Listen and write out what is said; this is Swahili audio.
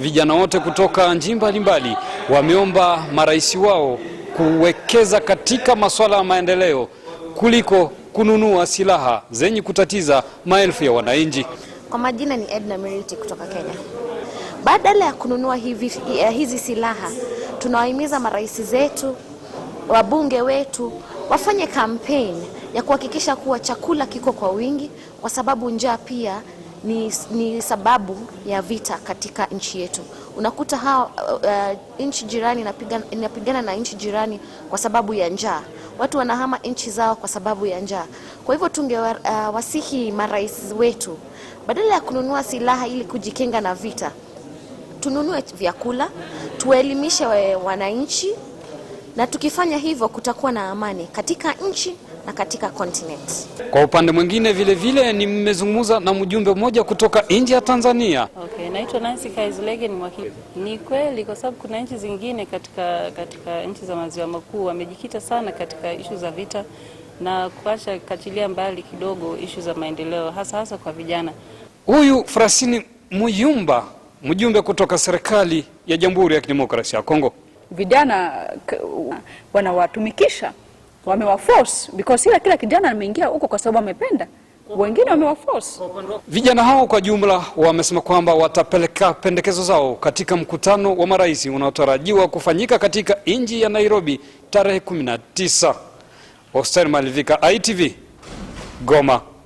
vijana wote kutoka nchi mbalimbali wameomba marais wao kuwekeza katika masuala ya maendeleo kuliko kununua silaha zenye kutatiza maelfu ya wananchi. Kwa majina ni Edna Miriti kutoka Kenya. Badala ya kununua hivi, hizi silaha tunawahimiza marais zetu, wabunge wetu wafanye kampeni ya kuhakikisha kuwa chakula kiko kwa wingi kwa sababu njaa pia ni, ni sababu ya vita katika nchi yetu. Unakuta hawa uh, uh, nchi jirani inapigana, inapigana na nchi jirani kwa sababu ya njaa. Watu wanahama nchi zao kwa sababu ya njaa. Kwa hivyo tungewasihi uh, marais wetu badala ya kununua silaha ili kujikinga na vita, tununue vyakula, tuwaelimishe wananchi, na tukifanya hivyo kutakuwa na amani katika nchi na katika continent. Kwa upande mwingine vilevile nimezungumza na mjumbe mmoja kutoka nje ya Tanzania. Okay, naitwa Nancy Kaizulege ni mwakili. Ni kweli kwa sababu kuna nchi zingine katika, katika nchi za maziwa makuu wamejikita sana katika ishu za vita na kuacha kachilia mbali kidogo ishu za maendeleo hasa hasa kwa vijana. Huyu Frasini Muyumba mjumbe kutoka serikali ya Jamhuri ya Kidemokrasia ya Kongo, vijana wanawatumikisha wamewaforce because sila kila kijana ameingia huko kwa sababu amependa wengine wamewaforce. Vijana hao kwa jumla wamesema kwamba watapeleka pendekezo zao katika mkutano wa marais unaotarajiwa kufanyika katika nchi ya Nairobi tarehe 19. Oster Malivika, ITV, Goma.